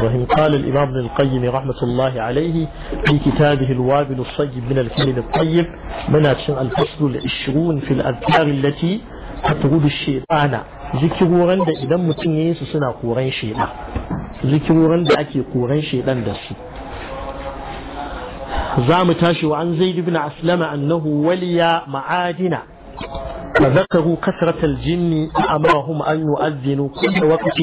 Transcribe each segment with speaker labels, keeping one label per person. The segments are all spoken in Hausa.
Speaker 1: وإن قال الإمام ابن القيم رحمة الله عليه في كتابه الوابل الصيب من الكلم الطيب مناتشن الفصل العشرون في الأذكار التي تطرد الشيطان ذكرورا دا إذا متنين سنا قرين شيطان ذكرورا دا أكي قرين شيطان دا زام تاشي وعن زيد بن أسلم أنه ولي معادنا فذكروا كثرة الجن فأمرهم أن يؤذنوا كل وقت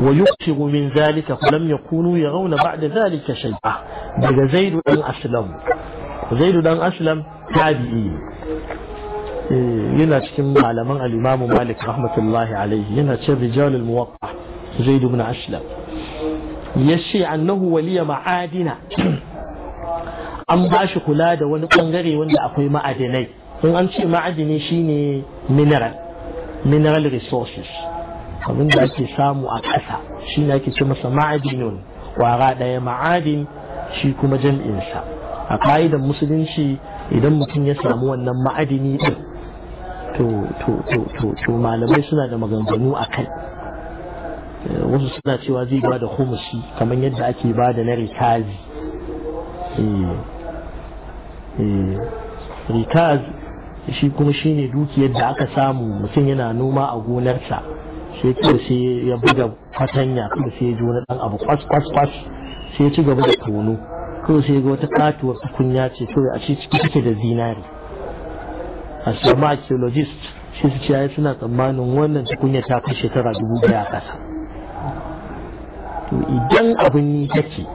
Speaker 1: ويكثر من ذلك فلم يكونوا يرون بعد ذلك شيئا daga zaidu dan aslam zaidu dan aslam tabi'i eh, yana cikin malaman al-imam malik rahmatullahi alaihi. yana cikin rijal al-muwatta zaidu bin aslam yace annahu waliya ma'adina an ba shi kula da wani bangare wanda akwai ma'adinai in an ce ma'adini shine mineral mineral resources abin da ake samu a ƙasa shi ne ake ce masa ma'adinun ƙwara ɗaya ma'adin shi kuma jam'insa a ƙa'idan musulunci idan mutum ya samu wannan ma'adini ɗin to malamai suna da maganganu a kai eh, wasu suna cewa zai ba da humusi kamar yadda ake ba da na rikazi eh, eh, rikaz shi kuma shine dukiyar da aka samu mutum yana noma a gonarsa sai kawai sai ya buga fatanya kawai sai ya ji wani dan abu kwas kwas kwas sai ya ci gaba da tono kawai sai ga wata katuwar tukunya ce kawai a ciki take da zinari astronomer archaeologist shi su ciyayi suna tsammanin wannan tukunya ta kai shekara dubu daya a kasa to idan abin yi take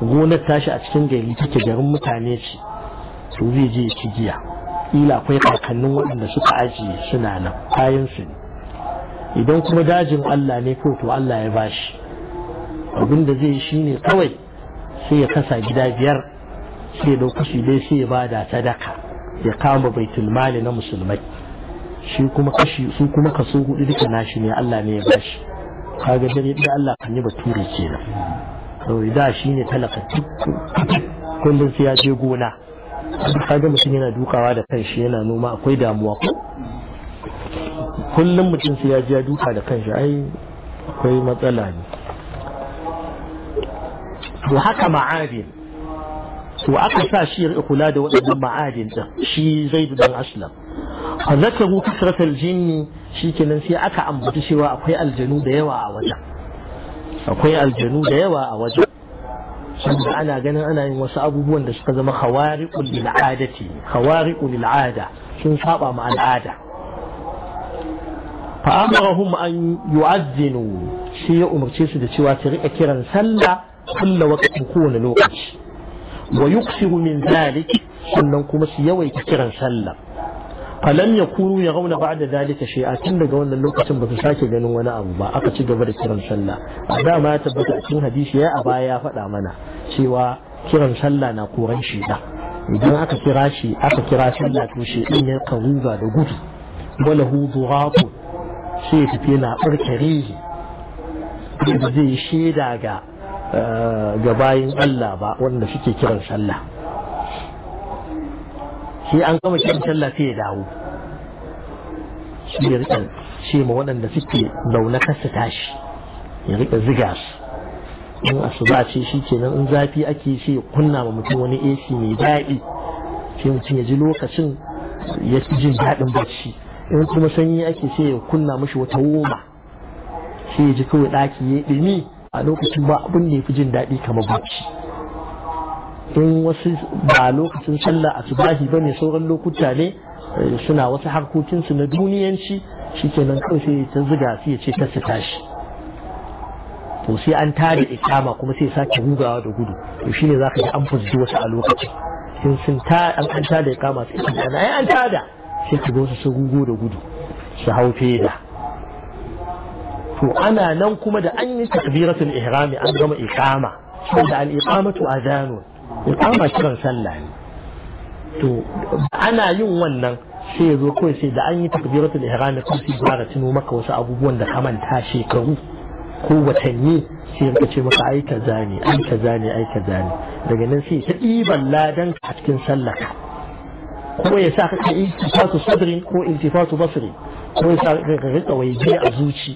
Speaker 1: gonar tashi a cikin gari take garin mutane ce to zai je ya giya ila akwai kakannin waɗanda suka ajiye suna nan kayan su ne idan kuma dajin Allah ne ko to Allah ya bashi abinda da zai shi ne kawai sai ya kasa gida biyar sai ya dauka shi dai sai ya bada sadaka ya kama baitul mali na musulmai shi kuma kashi su kuma kaso hudu duka nashi ne Allah ne ya bashi kaga dare da Allah kan yi bature kenan to da shi ne talaka kullum sai ya je gona kaga mutum yana dukawa da kanshi yana noma akwai damuwa ko kullum mutum su ya duka da kanshi ai akwai matsala ne to haka ma'adin to aka sa shi ya kula da waɗannan ma'adin din shi zai bi don aslam a zakaru kasratul shi kenan sai aka ambaci cewa akwai aljanu da yawa a wajen akwai aljanu da yawa a wajen da ana ganin ana yin wasu abubuwan da suka zama hawari lil adati ada sun saba ma al'ada fa'amarahum an yu'azzinu sai ya umarce su da cewa su rika kiran sallah kulla waqtin kowane lokaci wa yuksiru min zalik sannan kuma su yawaita kiran sallah falam yakunu yarawna ba'da zalika shay'a tun daga wannan lokacin ba su sake ganin wani abu ba aka ci gaba da kiran sallah a da ma ya tabbata a cikin hadisi ya a baya ya faɗa mana cewa kiran sallah na koran shi idan aka kira shi aka kira sallah to shi din da gudu wala hu duratun sai tafi labar kare da zai shaida ga eh, ga bayan Allah ba wanda suke kiran sallah
Speaker 2: sai an gama kiran sallah
Speaker 1: sai ya dawo shi ya rika ce ma waɗanda suke zaune kasa tashi ya rika ziga su in asuba ce shi kenan in zafi ake shi ya kunna ma mutum wani AC mai daɗi sai mutum ya ji lokacin ya fi jin daɗin bacci in kuma sanyi ake ce ya kunna mashi wata woma sai ya ji kawai ɗaki ya ɗumi a lokacin ba abin da ya fi jin daɗi kamar bacci in wasu ba lokacin sallah a subahi ba ne sauran lokuta ne eh, suna wasu harkokinsu na duniyanci Shi nan kawai sai ta ziga su ya ce ta su tashi to sai an tare ikama kuma sai sake hugawa da gudu to shine zaka yi an fuzi wasu a lokacin in sun ta an tada ikama sai an tada sai ka ga su rugo da gudu su hau feda to ana nan kuma da an yi takbiratul ihrami an gama iqama saboda al iqamatu adhanu iqama kiran sallah ne to ana yin wannan sai yazo kawai sai da an yi takbiratul ihrami kun sai fara tuno maka wasu abubuwan da ka manta shekaru ko watanni sai ka ce maka ai kaza ne ai kaza ne ai kaza ne daga nan sai ta ɗiban ladan a cikin sallaka ko ya sa kake intifatu sadri ko intifatu basri ko ya sa ka rika waje a zuci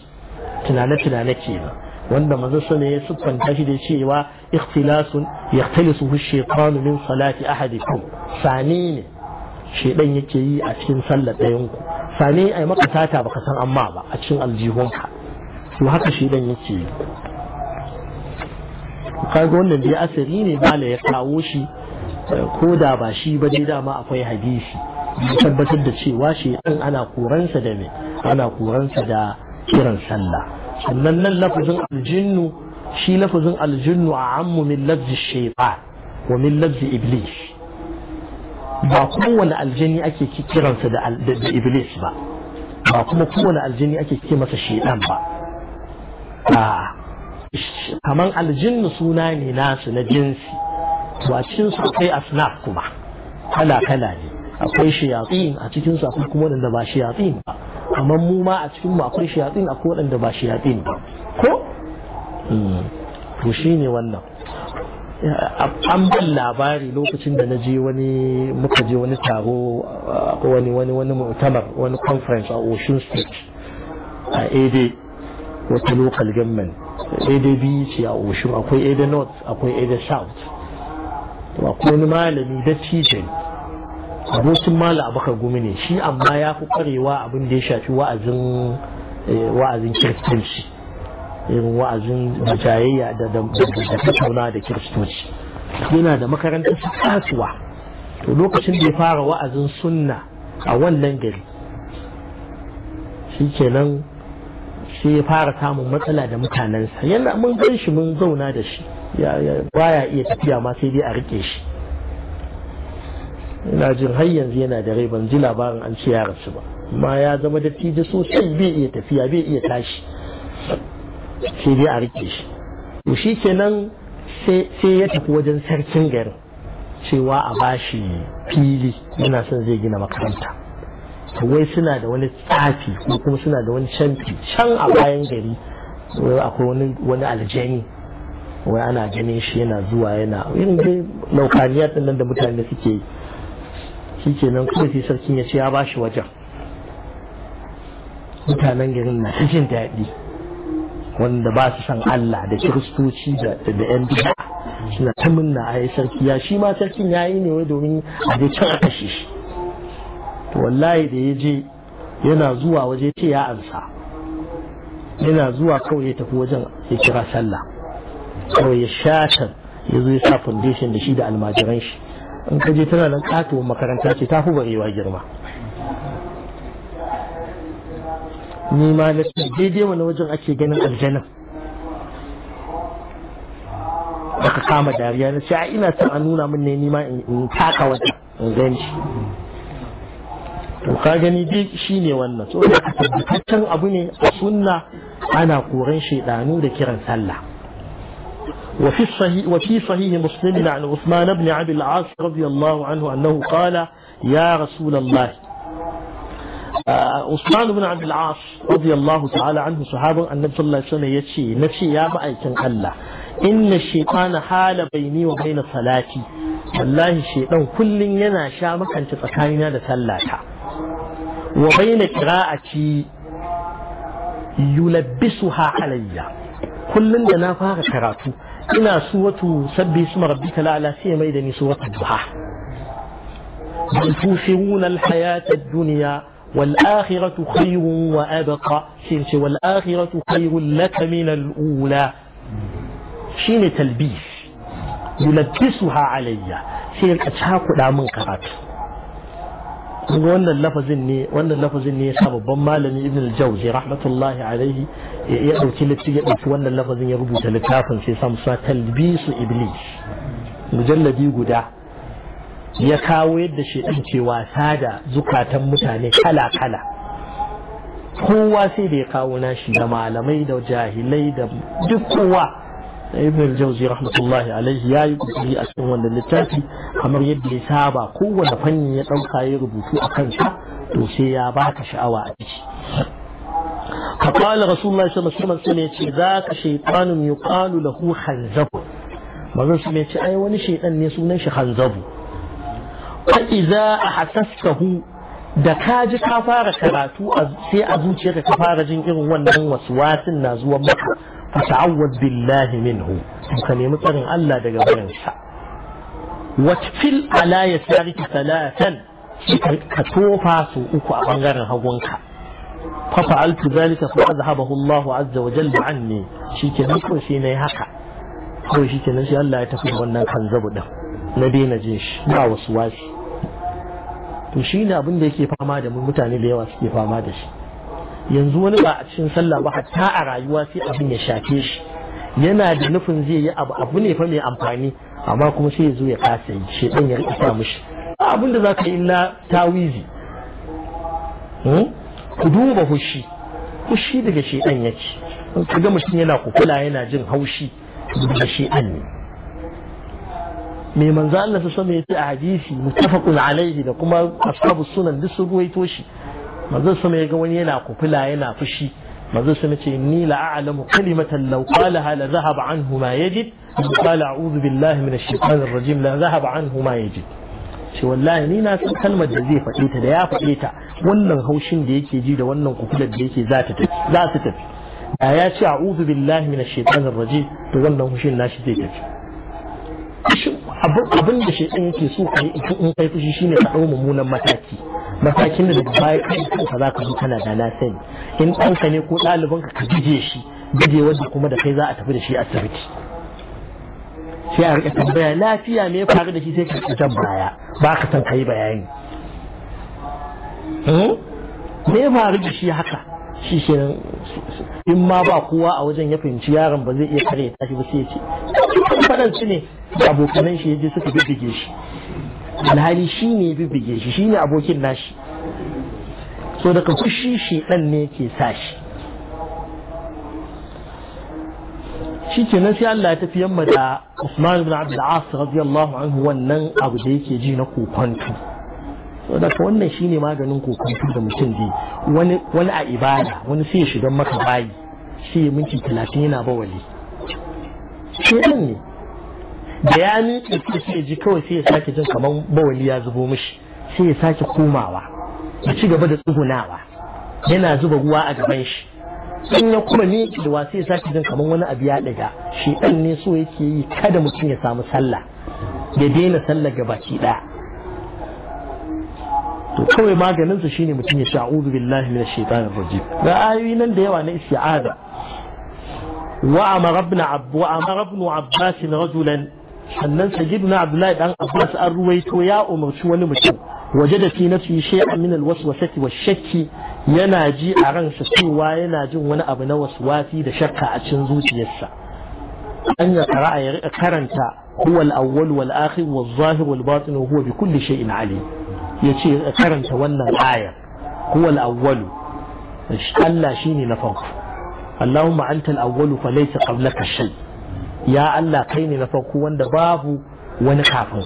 Speaker 1: tunane tunane ba. wanda manzo sune ya siffanta shi da cewa ikhtilasun yakhtalisu ash-shaytanu min salati ahadikum sani ne shedan yake yi a cikin sallar dayanku. ku sani ai maka tata baka san amma ba a cikin aljihunka to haka shedan yake yi kaga wannan dai asiri ne bala ya kawo shi ko da ba shi ba dai dama akwai hadisi ya tabbatar da cewa shi ana koransa da me ana koransa da kiran sallah sannan nan lafazin aljinnu shi lafazin aljinnu a ammu min lafzi shaitan wa min lafzi iblis ba kowane aljini ake kiransa da iblis ba ba kuma kowane aljini ake ke masa shaitan ba a kaman aljinnu suna ne nasu na jinsi to cikin su akwai asnaf kuma kala kala ne akwai shayatin a cikin su akwai kuma wanda ba shayatin ba amma mu ma a cikin mu akwai shayatin akwai wanda ba shayatin ba ko hmm. to shine wannan an ban labari lokacin da na je wani muka je wani taro wani wani wani mu'tamar wani conference a Ocean State a Ede wata local government Ede biyu ce a Ocean akwai Ede North akwai Ede South ba akwai wani malami da tijin abokin mala abaka gumi ne shi amma ya fi kwarewa abin da ya shafi wa'azin eh, wa'azin kiristoci irin wa'azin majayayya da tattauna da kiristoci yana da makarantar su kasuwa to lokacin da ya fara wa'azin sunna a wannan gari shi kenan sai ya fara samun matsala da mutanensa yana mun gan shi mun zauna da shi baya iya tafiya ma sai dai a rike shi ina jin har yanzu yana da rai ban ji labarin an ce ya rasu ba Ma ya zama dattijo sosai bai iya tafiya bai iya tashi sai dai a rike shi to shi kenan sai ya tafi wajen sarkin garin cewa a bashi fili yana son zai gina makaranta wai suna da wani tsafi ko kuma suna da wani can a bayan gari akwai wani aljani wai ana ganin shi yana zuwa yana irin dai laukaniya din nan da mutane suke yi shi ke nan kuma sai sarkin ya ce ya bashi wajen mutanen garin na jin daɗi wanda ba su san Allah da kiristoci da yan bida suna ta munna a yi sarki ya shi ma sarkin ya yi ne domin a dai can a kashe shi to wallahi da ya je yana zuwa waje ce ya ansa yana zuwa kawai ya tafi wajen ya kira sallah kawai ya shata ya zo ya sa foundation da shi da almajiran shi in ka je tana nan kato makaranta ce ta fi barewa girma
Speaker 2: ni ma na daidai
Speaker 1: wani wajen ake ganin aljanan ka kama dariya na ce a ina son a nuna min ne nima in taka wata in gani to ka gani dai ne wannan so da tabbataccen abu ne a sunna ana koran shaidanu da kiran sallah وفي صحيح وفي صحيح مسلم عن عثمان بن عبد العاص رضي الله عنه أنه قال يا رسول الله آه، عثمان بن عبد العاص رضي الله تعالى عنه صحابة النبي صلى الله عليه وسلم يتشي نفسي يا مأيكن الله إن الشيطان حال بيني وبين صلاتي والله الشيطان كل ينا شامك أنت تقاينا لسلاتا وبين قراءتي يلبسها علي كل ينا فاغ كراتو إنا سورة سبي اسم ربك الأعلى سيما إذا سورة الضحى بل تؤثرون الحياة الدنيا والآخرة خير وأبقى والآخرة خير لك من الأولى شين تلبيس يلبسها علي شين أتحاق لا من kuma wannan lafazin ne wannan lafazin ne yasa babban malami ibn al-jawzi rahmatullahi alaihi ya dauki littafi ya dauki wannan lafazin ya rubuta littafin sai sa musa talbisu iblis mujalladi guda ya kawo yadda shedan ke wasa da zukatan mutane kala kala kowa sai da ya kawo nashi da malamai da jahilai da duk kowa ibn al-jawzi rahmatullahi alaihi yayi kokari a cikin wannan littafi kamar yadda ya saba kowane fanni ya dauka ya rubutu a kansa to sai ya baka sha'awa a ciki فقال رسول الله صلى الله عليه وسلم ذاك شيطان يقال له خنزب manzon su mai ce ai wani shaidan ne sunan shi hanzabu fa iza ahsastahu da ka ji ka fara karatu sai a zuciyarka ka fara jin irin wannan wasu wasin na zuwa maka fata'awwaz billahi minhu ka nemi tsarin Allah daga barin sa fil alaya yasarika salatan ka tofa su uku a bangaren hagunka fa fa'altu zalika fa azhabahu Allah azza wa jalla anni shikenan ko shi ne haka ko shikenan shi Allah ya tafi wannan kan zabu din na daina jin shi ba wasu wasi to shi abin da yake fama da mutane da yawa suke fama da shi yanzu wani ba a cikin sallah ba hatta a rayuwa sai abin ya shafe shi yana da nufin zai yi abu abu ne fa mai amfani amma kuma sai ya zo ya kasa yi dan ya riƙa sa mishi ba abin da zaka yi illa tawizi hmm? ku duba hushi hushi daga dan yake Ku ga mutum yana kukula yana jin haushi daga shi dan ne mai manzo Allah su wasallam ya ce a hadisi muttafaqun alaihi da kuma ashabu sunan duk sun ruwaito shi manzo sama ya ga wani yana kufula yana fushi manzo sama ce ni la a'lamu kalimatan law qalaha la zahaba anhu ma yajid qala a'udhu billahi minash shaitanir rajim la zahaba anhu ma yajid ce wallahi ni na san kalmar da zai faɗe ta da ya faɗe ta wannan haushin da yake ji da wannan kufular da yake za ta tafi za su tafi da ya ce a'udhu billahi minash shaitanir rajim to wannan haushin nashi zai tafi abin da shaitan yake so kai in kai fushi shine ka dau mummunan mataki matakin da daga baya kai kanka za ka zo kana da na in ɗanka ne ko ɗalibanka ka guje shi guje wanda kuma da kai za a tafi da shi asibiti sai a riƙa tambaya lafiya me faru da shi sai ka riƙa jan baya ba ka san kai bayani hmm? me ya faru da shi haka shi ke in ma ba kowa a wajen ya fahimci yaron ba zai iya kare tashi ba sai ya ce faɗan su ne abokanan shi yaje suka bibige shi alhali shi ne bibbige shi shi ne abokin nashi so daga kushi shi ɗan ne ke sa shi shi ke nan sai Allah ya tafi yamma da Usman ibn Abdul As radiyallahu anhu wannan abu da yake ji na kokonto so daga wannan shi ne maganin kokonto da mutum ji wani wani a ibada wani sai ya shiga maka bayi sai ya minti 30 yana bawali shi ne da ya miƙe ko sai ji kawai sai ya sake jin kamar bawali ya zubo mishi sai ya sake komawa ya ci gaba da tsugunawa yana zuba ruwa a gaban shi in ya kuma da sai ya sake jin kamar wani abu ya daga shi ɗan ne so yake yi kada mutum ya samu sallah ya daina sallah gabaki ɗaya to kawai maganinsa shine mutum ya sha'udu billahi min shaitanir rajim ga ayoyi nan da yawa na isti'ada wa amara ibn abbas rajulan sannan sajid na abdullahi dan abbas an ruwaito ya umarci wani mutum wajada fi nafsi shay'an min alwaswasati washakki yana ji a ransa cewa yana jin wani abu na waswasi da shakka a cikin zuciyarsa an ya qara'a ya rika karanta huwa al-awwal wal akhir wal zahir wal batin wa huwa bi kulli shay'in alim yace karanta wannan aya huwa al-awwal Allah shine na farko Allahumma anta al-awwal fa laysa qablaka shay' يا الله كين نفوكو وند باب ونكافر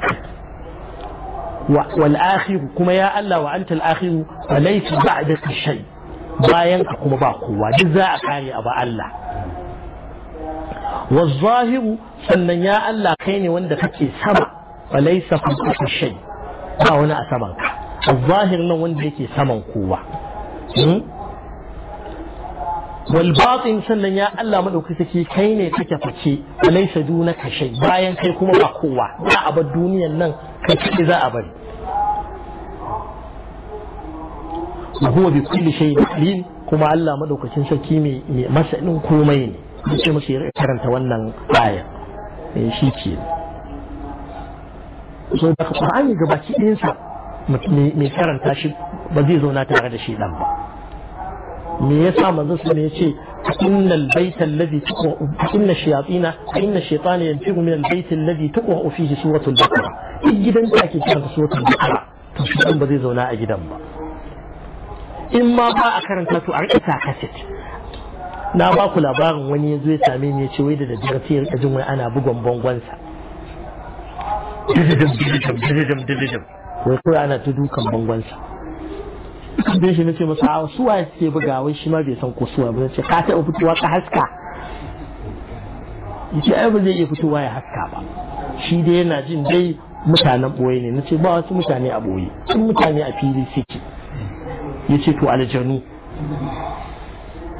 Speaker 1: والآخر كما يا الله وأنت الآخر وليس بعدك شيء باين أكما باقوا وجزاء كاري أبا الله والظاهر فن يا الله كين وند فكي سما وليس بعدك شيء باونا أسمانك الظاهر نو وند فكي سما قوة wal batin sannan ya Allah madauki saki kai ne kake fice alaysa dunaka shay bayan kai kuma ba kowa za a bar duniyar nan kai kake za a bari wa huwa bi kulli shay alim kuma Allah madaukakin sarki mai masanin komai ne ce musu ya karanta wannan aya eh, shi ke so da Qur'ani gabaki ɗinsa mai karanta shi ba zai zauna tare da shi dan ba me yasa manzo su ne yace innal bayta alladhi tuqwa inna shayatina inna shaytana yanfiqu min albayt alladhi tuqwa fihi suratul baqara In gidan da ake karanta suratul baqara to shi ba zai zauna a gidan ba in ma ba a karanta su a rika sa kaset na ba ku labarin wani ya zo ya same ni yace wai da daddare sai ya rika jin wai ana bugon bangonsa dididim dididim dididim dididim wai kawai ana ta dukan bangonsa tambaye shi nace masa a su waye suke bugawa shi ma bai san ko suwa ba nace ka taɓa fitowa ka haska yace ai ba zai iya fitowa ya haska ba shi dai yana jin dai mutanen ɓoye ne nace ba wasu mutane a ɓoye sun mutane a fili suke yace to aljanu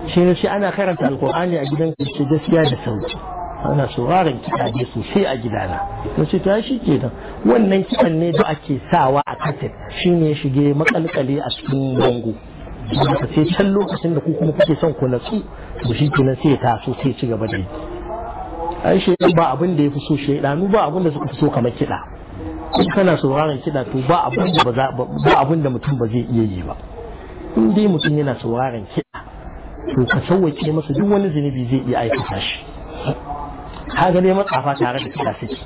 Speaker 1: shi ne shi ana karanta alkur'ani a gidan ce gaskiya da sauki ana sauraron kiɗa ne sosai a gidana na ta shi kenan wannan kiɗan ne da ake sawa a kaset shi ne shige makalkale a cikin bango ka sai can lokacin da kuma kuke son ku natsu to shi nan sai ya taso sai ci gaba da yi ai shaidan ba abin da ya fi so shaidanu ba abin da suka fi so kamar kiɗa in kana sauraron kiɗa to ba abin da mutum ba zai iya yi ba in dai mutum yana sauraron kiɗa to ka sauwaƙe masa duk wani zunubi zai iya aikata shi kaga neman tsafa tare da kira suke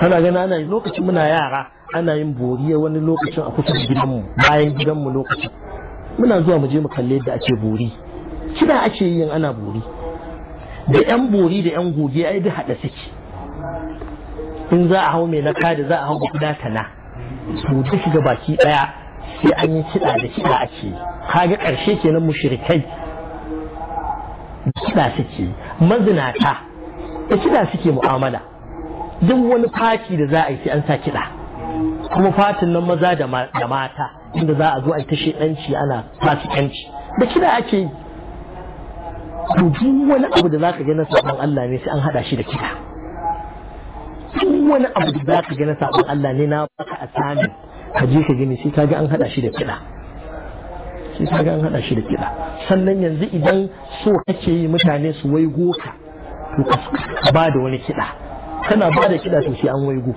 Speaker 1: kana gani ana lokacin muna yara ana yin boriya wani lokacin a kusa da gidanmu bayan gidanmu lokacin muna zuwa mu je mu kalle yadda ake bori kiɗa ake yin ana bori da yan bori da yan goge ai duk haɗa suke in za a hau mai na da za a hau guda tana to duk shiga baki ɗaya sai an yi kiɗa da kiɗa ake kaga ƙarshe kenan mushrikai kida suke mazinata da kiɗa suke mu'amala duk wani fati da za a yi sai an sa kiɗa kuma fatin nan maza da mata inda za a zo a yi ta shedanci ana fasikanci da kiɗa ake yi to duk wani abu da zaka ga na sabon Allah ne sai an hada shi da kiɗa duk wani abu da zaka ga na sabon Allah ne na baka a sami ka je ka gani sai ka ga an hada shi da kiɗa sai ka ga an hada shi da kiɗa sannan yanzu idan so kake yi mutane su waigo ka to ka ba da wani kiɗa kana ba da kiɗa to shi an waigo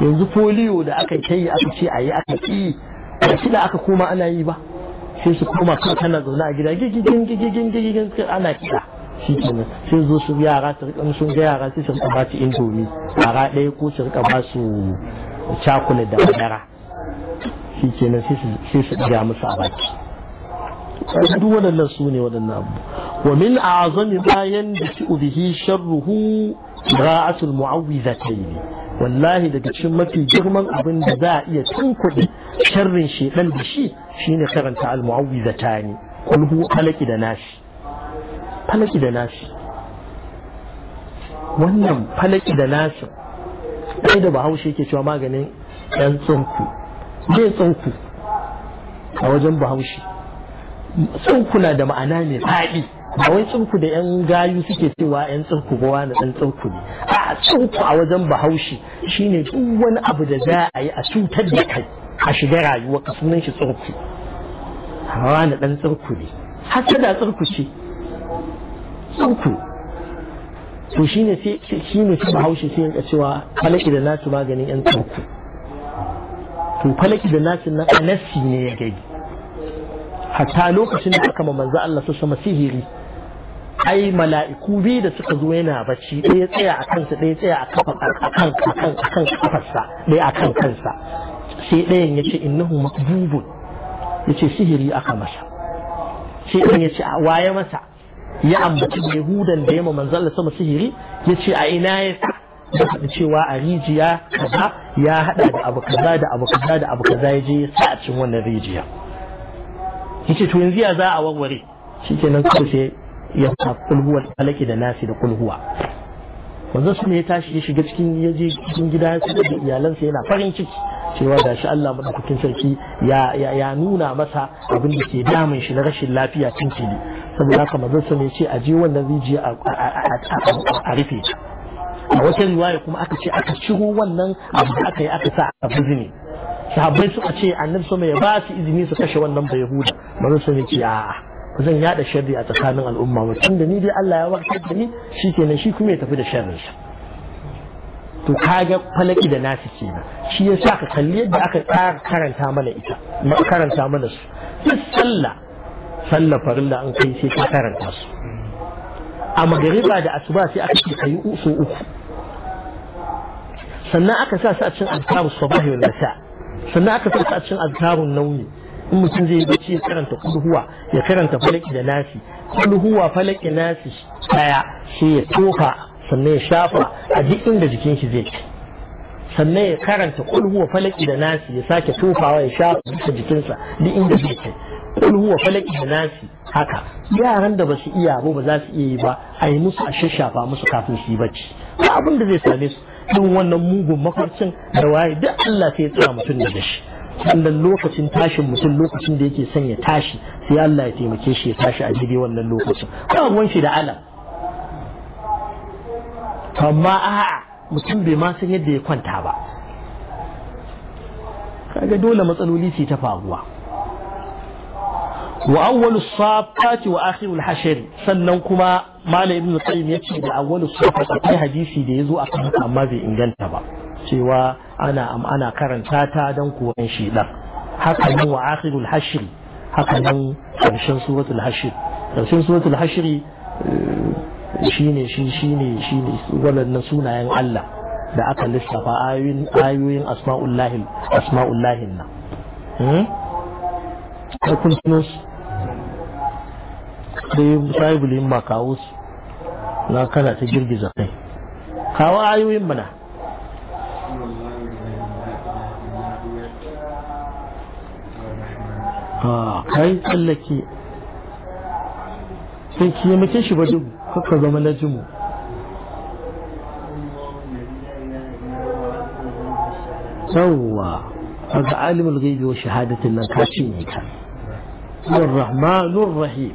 Speaker 1: yanzu foliyo da aka ta yi aka ce a yi aka ƙi da kiɗa aka koma ana yi ba sai su koma kan kana zaune a gida gigigin gigigin gigigin ana kiɗa shi kenan sai zo su yara su rika sun ga yara sai su rika ba su indomi yara ɗaya ko su rika ba su cakulet da madara shi kenan sai su ɗiga musu a baki duk waɗannan su ne waɗannan abu ومن أعظم ما ينبتئ به شره قراءة المعوذتين wallahi daga cikin mafi girman abin da za a iya tunkuɗe sharrin shedan da shi shine karanta al-mu'awwidatani ne. hu falaki da nashi falaki da nashi wannan falaki da nashi kai da bahaushe yake cewa maganin yan tsunku zai tsunku a wajen bahaushe tsirkuna da ma'ana mai faɗi ba wai tsirku da yan gayu suke cewa yan tsinku ba wani dan tsinku ne a tsinku a wajen bahaushe shine duk wani abu da za a yi a cutar da kai a shiga rayuwa ka sunan shi tsirku wani dan tsinku ne hasada tsinku ce Tsinku. to shine sai shine sai bahaushe sai yanka cewa falaki da nasu maganin yan tsinku. to falaki da nasu nan anasi ne ya gani hatta lokacin da aka ma manzo Allah su sama sihiri ai mala'iku biyu da suka zo yana bacci ɗaya tsaya a kansa ɗaya tsaya a kafan kan akan kan kafarsa ɗaya akan kansa sai ɗayan ya ce innahu maqbubun ya ce sihiri aka masa sai ɗayan ya ce waye masa ya ambaci yahudan da ya ma manzo Allah sama sihiri ya ce a ina ya da faɗi cewa a rijiya kaza ya haɗa da abu kaza da abu kaza da abu kaza ya je ya sa a cikin wannan rijiya yace to yanzu ya za a warware ke nan kusa ya fa kulhuwa alaki da nasi da kulhuwa manzo su ne ya tashi ya shiga cikin ya je cikin gida ya tsaya da iyalansa yana farin ciki cewa da shi Allah madaukakin sarki ya nuna masa abin da ke damun shi na rashin lafiya tun tili saboda haka manzo su ne ce a je wannan rijiya a rufe ta a wata riwaya kuma aka ce aka ciro wannan abu da aka yi aka sa a ne. sahabbai suka ce annabi sama ya ba su izini su kashe wannan bai huda manzo sun ce a'a ba zan yada sharri a tsakanin al'umma ba tunda ni dai Allah ya warkar da ni shikenan shi kuma ya tafi da sharrin sa to kaga falaki da nasu kenan shi yasa ka kalli yadda aka tsara karanta mana ita karanta mana su duk sallah sallah farilla an kai sai ka karanta su a magariba da asuba sai aka ce kai uku uku. sannan aka sa su a cikin azkaru sabahi wal nasa sannan aka sauka cikin azkarun nauyi in mutum zai bacci ya karanta kulhuwa ya karanta falaki da nasi kulhuwa falaki nasi daya shi ya tofa sannan ya shafa a duk inda jikin shi zai sannan ya karanta kulhuwa falaki da nasi ya sake tofawa ya shafa duka jikinsa duk inda zai kul huwa falaki da nasi haka yaran da basu iya iya ba za su iya yi ba a yi musu a shashafa musu kafin su yi bacci ba abin da zai same su din wannan mugun makarcin da waye duk Allah sai ya tsira mutum da shi wannan lokacin tashin mutum lokacin da yake son ya tashi sai Allah ya taimake shi ya tashi a daidai wannan lokacin ba ruwan shi da alam amma a'a mutum bai ma san yadda ya kwanta ba kaga dole matsaloli su ta faruwa wa awwalu safati wa akhirul hashr sannan kuma malam ibnu qayyim yace da awwalu safati akwai hadisi da yazo akan haka amma bai inganta ba cewa ana ana karanta ta dan koran shi dan haka nan wa akhirul hashr haka nan karshen suratul hashr karshen suratul hashr shine eh, shi shine shine wannan sunayen Allah da aka lissafa ayoyin ayoyin asma'ullahi asma'ullahi nan hmm? kun sai shaibul in ba kawo su na kana ta girgiza kai kawo ayoyin mana
Speaker 2: kai tsallake sai ki yi mace shi ba dubu kuka zama na jimu
Speaker 1: yawwa ga alimul gaibi wa shahadatin nan ka ne, ka الرحمن rahim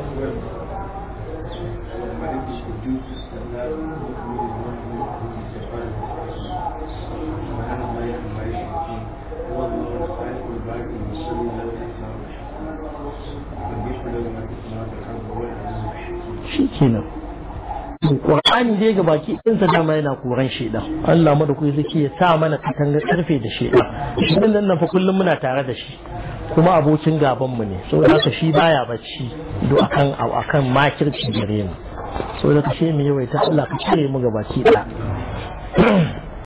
Speaker 1: kenan Qur'ani dai ga baki din sa dama yana koran sheda Allah mu da ku ya sa mana katanga karfe da sheda shin nan fa kullum muna tare da shi kuma abokin gaban mu ne saboda haka shi baya bacci do akan akan makirci gare mu saboda kashe mu yawaita Allah ka cire mu ga baki da